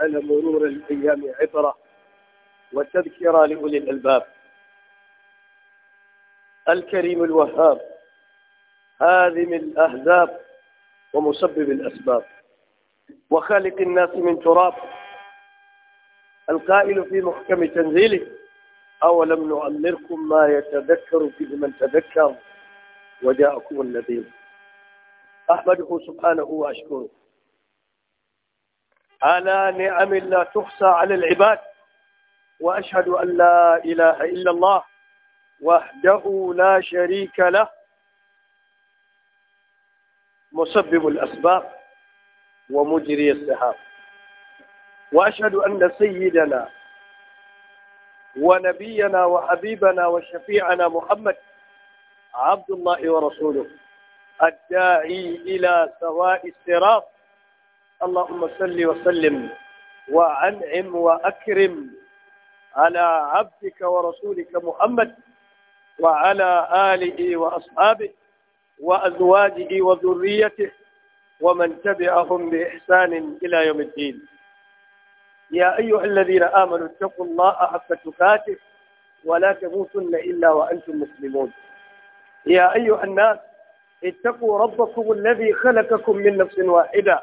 على مرور الأيام عبرة وتذكرة لأولي الألباب الكريم الوهاب هادم الأهزاب ومسبب الأسباب وخالق الناس من تراب القائل في محكم تنزيله أولم نؤمركم ما يتذكر فيه من تذكر وجاءكم النذير أحمده سبحانه وأشكره على نعم لا تحصى على العباد وأشهد أن لا إله إلا الله وحده لا شريك له مسبب الأسباب ومجري السحاب وأشهد أن سيدنا ونبينا وحبيبنا وشفيعنا محمد عبد الله ورسوله الداعي إلى سواء الصراط اللهم صل وسلم وأنعم وأكرم على عبدك ورسولك محمد وعلى آله وأصحابه وأزواجه وذريته ومن تبعهم بإحسان إلى يوم الدين يا أيها الذين آمنوا اتقوا الله حق تقاته ولا تموتن إلا وأنتم مسلمون يا أيها الناس اتقوا ربكم الذي خلقكم من نفس واحدة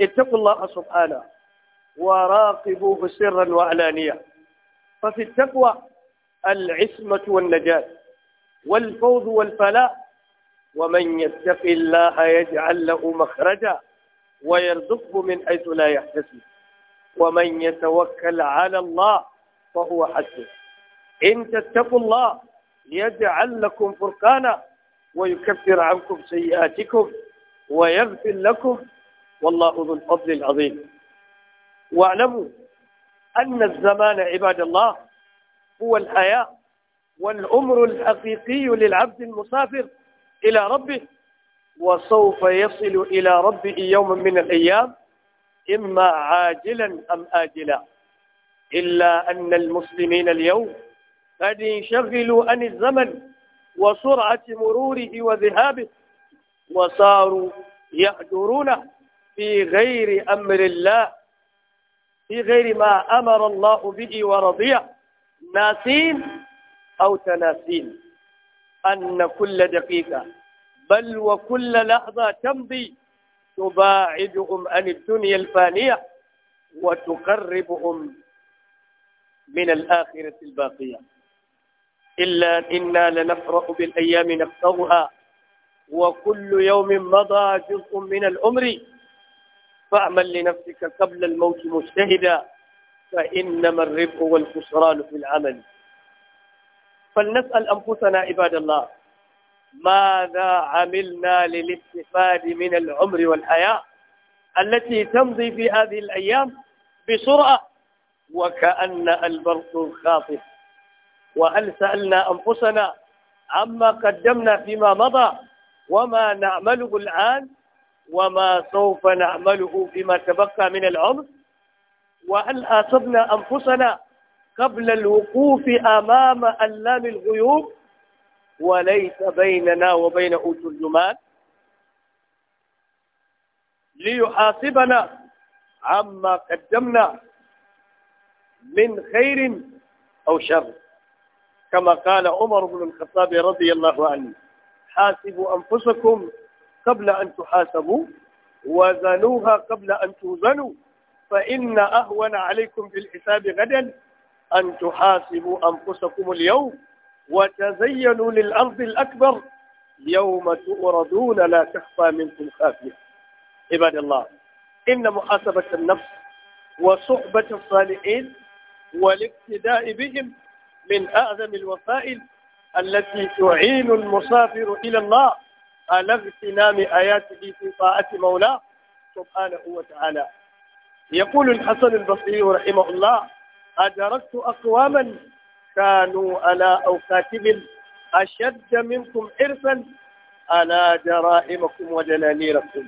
اتقوا الله سبحانه وراقبوه سرا وعلانية ففي التقوى العصمة والنجاة والفوز والفلاح ومن يتق الله يجعل له مخرجا ويرزقه من حيث لا يحتسب ومن يتوكل على الله فهو حسبه إن تتقوا الله يجعل لكم فرقانا ويكفر عنكم سيئاتكم ويغفر لكم والله ذو الفضل العظيم واعلموا أن الزمان عباد الله هو الحياة والعمر الحقيقي للعبد المسافر إلى ربه وسوف يصل إلى ربه يوما من الأيام إما عاجلا أم آجلا إلا أن المسلمين اليوم قد انشغلوا عن الزمن وسرعة مروره وذهابه وصاروا يهجرونه في غير أمر الله في غير ما أمر الله به ورضيه ناسين أو تناسين أن كل دقيقة بل وكل لحظة تمضي تباعدهم عن الدنيا الفانية وتقربهم من الآخرة الباقية إلا إنا لنفرح بالأيام نفسها وكل يوم مضى جزء من العمر فاعمل لنفسك قبل الموت مجتهدا فإنما الربح والخسران في العمل فلنسأل أنفسنا عباد الله ماذا عملنا للاستفاد من العمر والحياة التي تمضي في هذه الأيام بسرعة وكأن البرق الخاطف وهل سألنا أنفسنا عما قدمنا فيما مضى وما نعمله الآن وما سوف نعمله فيما تبقى من العمر وهل آصبنا أنفسنا قبل الوقوف أمام ألام الغيوب وليس بيننا وبينه ترجمان ليحاسبنا عما قدمنا من خير أو شر كما قال عمر بن الخطاب رضي الله عنه حاسبوا أنفسكم قبل أن تحاسبوا وزنوها قبل أن توزنوا فإن أهون عليكم بالحساب غدا أن تحاسبوا أنفسكم اليوم وتزينوا للأرض الأكبر يوم تؤردون لا تخفى منكم خافية عباد الله إن محاسبة النفس وصحبة الصالحين والاقتداء بهم من أعظم الوسائل التي تعين المسافر إلى الله على اغتنام آياته في طاعة مولاه سبحانه وتعالى يقول الحسن البصري رحمه الله أدركت أقواما كانوا على أوكاتب أشد منكم حرصا على جرائمكم ودنانيركم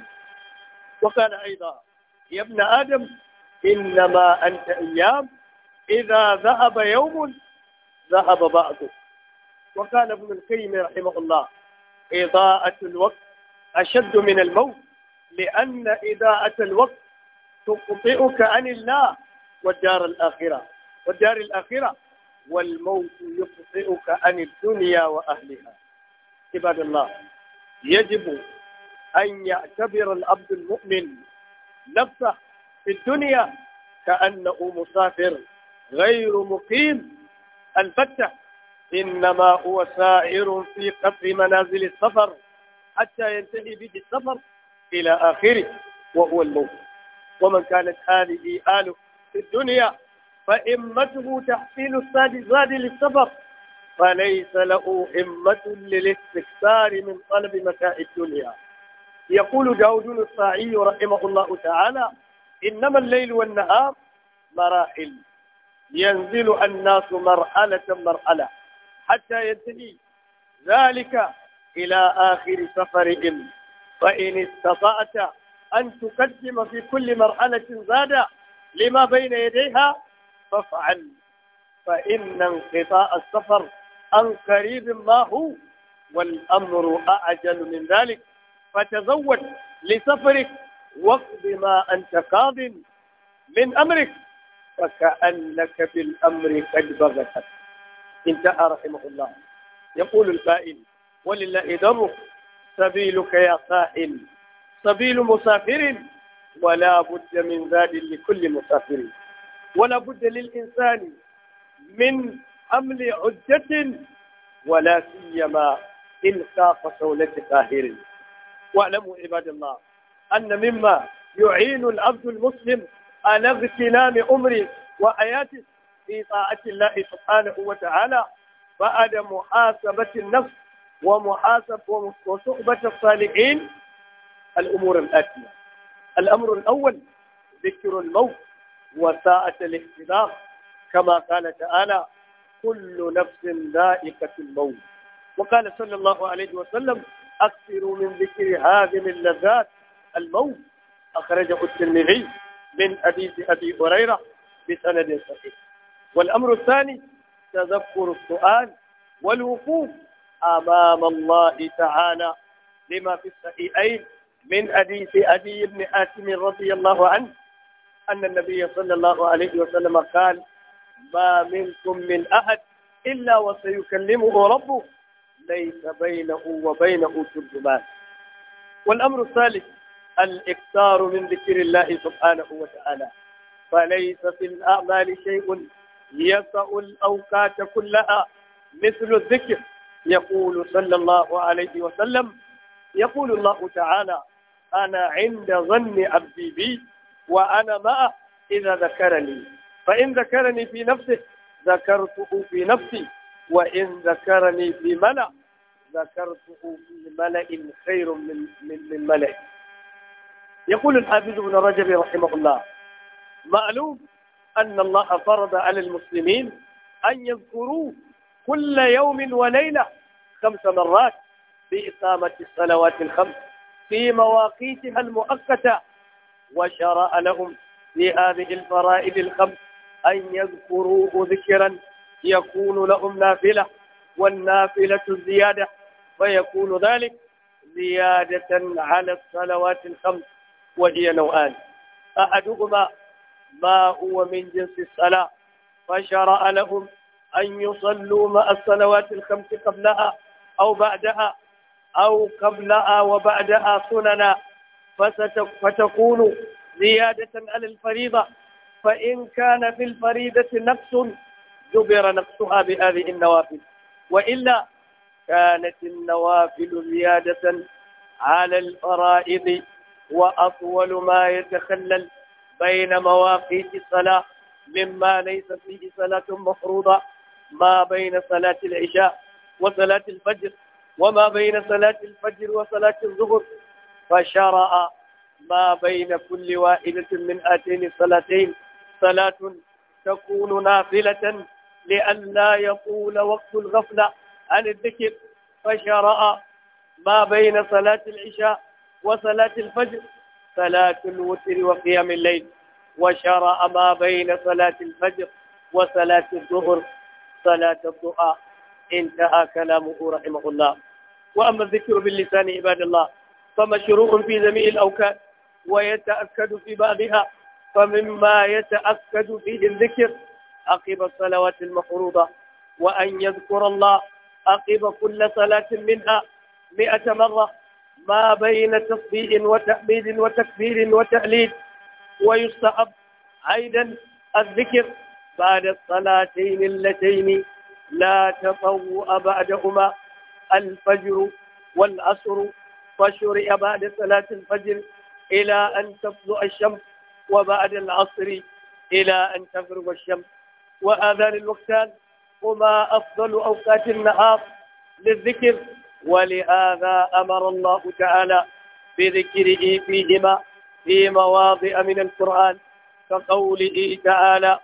وقال أيضا يا ابن آدم إنما أنت أيام إذا ذهب يوم ذهب بعضك وقال ابن القيم رحمه الله إضاءة الوقت أشد من الموت لأن إضاءة الوقت تقطئك عن الله والدار الآخرة والدار الآخرة والموت يقطئك عن الدنيا وأهلها عباد الله يجب أن يعتبر العبد المؤمن نفسه في الدنيا كأنه مسافر غير مقيم البتة إنما هو سائر في قطع منازل السفر حتى ينتهي به السفر إلى آخره وهو الموت ومن كانت هذه آله في الدنيا فإمته تحصيل الزاد للسفر فليس له همة للاستكثار من طلب متاع الدنيا يقول داود الصاعي رحمه الله تعالى إنما الليل والنهار مراحل ينزل الناس مرحلة مرحلة حتى ينتهي ذلك إلى آخر سفرهم فإن استطعت أن تقدم في كل مرحلة زاد لما بين يديها فافعل فإن انقطاع السفر عن قريب ما هو والأمر أعجل من ذلك فتزود لسفرك واقض ما أنت قاض من أمرك فكأنك بالأمر قد بغتك انتهى رحمه الله يقول القائل ولله درك سبيلك يا سائل سبيل مسافر ولا بد من زاد لكل مسافر ولا بد للإنسان من حمل عدة ولا سيما إن ساق سولة قاهر واعلموا عباد الله أن مما يعين العبد المسلم على اغتنام أمره وآياته في طاعة الله سبحانه وتعالى بعد محاسبة النفس ومحاسبة وصحبة الصالحين الأمور الآتية الأمر الأول ذكر الموت وساعة الاحتضار كما قال تعالى كل نفس ذائقة الموت وقال صلى الله عليه وسلم أكثروا من ذكر هذه اللذات الموت أخرجه الترمذي من حديث أبي هريرة بسند صحيح والأمر الثاني تذكر السؤال والوقوف أمام الله تعالى لما في الصحيحين من حديث أبي بن حاتم رضي الله عنه أن النبي صلى الله عليه وسلم قال ما منكم من أحد إلا وسيكلمه ربه ليس بينه وبينه ترجمان والأمر الثالث الإكثار من ذكر الله سبحانه وتعالى فليس في الأعمال شيء يسع الأوقات كلها مثل الذكر يقول صلى الله عليه وسلم يقول الله تعالى أنا عند ظن عبدي بي وأنا معه إذا ذكرني فإن ذكرني في نفسه ذكرته في نفسي وإن ذكرني في ملأ ذكرته في ملأ خير من من, من ملأ يقول الحافظ ابن رجب رحمه الله معلوم أن الله فرض على المسلمين أن يذكروه كل يوم وليلة خمس مرات بإقامة الصلوات الخمس في مواقيتها المؤقتة وشرع لهم في هذه الفرائض الخمس أن يذكروه ذكرا يكون لهم نافلة والنافلة الزيادة فيكون ذلك زيادة على الصلوات الخمس وهي نوعان أحدهما ما هو من جنس الصلاة فشرع لهم أن يصلوا مع الصلوات الخمس قبلها أو بعدها أو قبلها وبعدها سننا فتكون زيادة على الفريضة فإن كان في الفريضة نقص جبر نقصها بهذه النوافل وإلا كانت النوافل زيادة على الفرائض وأطول ما يتخلل بين مواقيت الصلاة مما ليس فيه صلاة مفروضة ما بين صلاة العشاء وصلاة الفجر وما بين صلاة الفجر وصلاة الظهر فشرع ما بين كل واحدة من هاتين الصلاتين صلاة تكون نافلة لئلا يطول وقت الغفلة عن الذكر فشرع ما بين صلاة العشاء وصلاة الفجر صلاة الوتر وقيام الليل وشرع ما بين صلاة الفجر وصلاة الظهر صلاة الدعاء انتهى كلامه رحمه الله وأما الذكر باللسان عباد الله فمشروع في جميع الأوقات ويتأكد في بعضها فمما يتأكد فيه الذكر عقب الصلوات المفروضة وأن يذكر الله عقب كل صلاة منها مئة مرة ما بين تصديق وتحميد وتكبير وتعليل ويستحب أيضا الذكر بعد الصلاتين اللتين لا تطوء بعدهما الفجر والعصر فشرع بعد صلاة الفجر إلى أن تطلع الشمس وبعد العصر إلى أن تغرب الشمس وآذان الوقتان هما أفضل أوقات النهار للذكر ولهذا أمر الله تعالى بذكره فيهما في مواضع من القرآن كقوله تعالى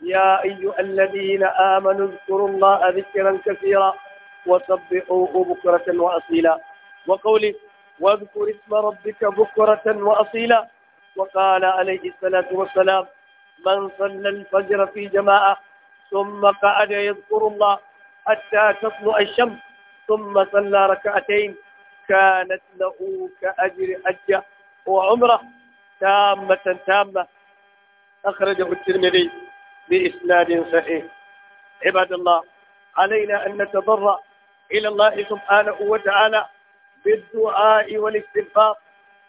يا أيها الذين آمنوا اذكروا الله ذكرا كثيرا وسبحوه بكرة وأصيلا وقوله واذكر اسم ربك بكرة وأصيلا وقال عليه الصلاة والسلام من صلى الفجر في جماعة ثم قعد يذكر الله حتى تطلع الشمس ثم صلى ركعتين كانت له كأجر حجة وعمرة تامة تامة أخرجه الترمذي بإسناد صحيح عباد الله علينا أن نتضرع إلى الله سبحانه وتعالى بالدعاء والاستغفار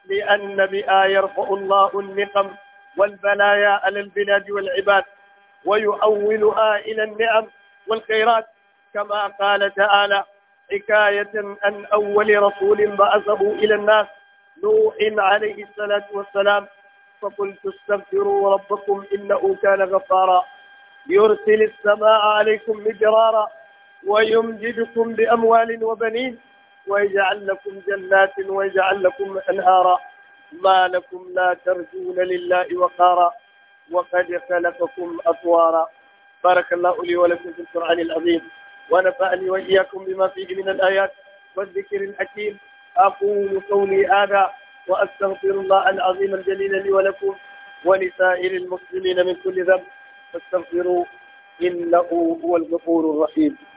لأن بها يرفع الله النقم والبلايا على البلاد والعباد ويؤولها إلى النعم والخيرات كما قال تعالى حكاية عن أول رسول بعثه إلى الناس نوح عليه الصلاة والسلام فقلت استغفروا ربكم إنه كان غفارا يرسل السماء عليكم مدرارا ويمجدكم بأموال وبنين ويجعل لكم جنات ويجعل لكم أنهارا ما لكم لا ترجون لله وقارا وقد خلقكم أطوارا بارك الله لي ولكم في القرآن العظيم ونفعني وإياكم بما فيه من الآيات والذكر الحكيم أقول قولي هذا وأستغفر الله العظيم الجليل لي ولكم ولسائر المسلمين من كل ذنب فاستغفروه إنه هو الغفور الرحيم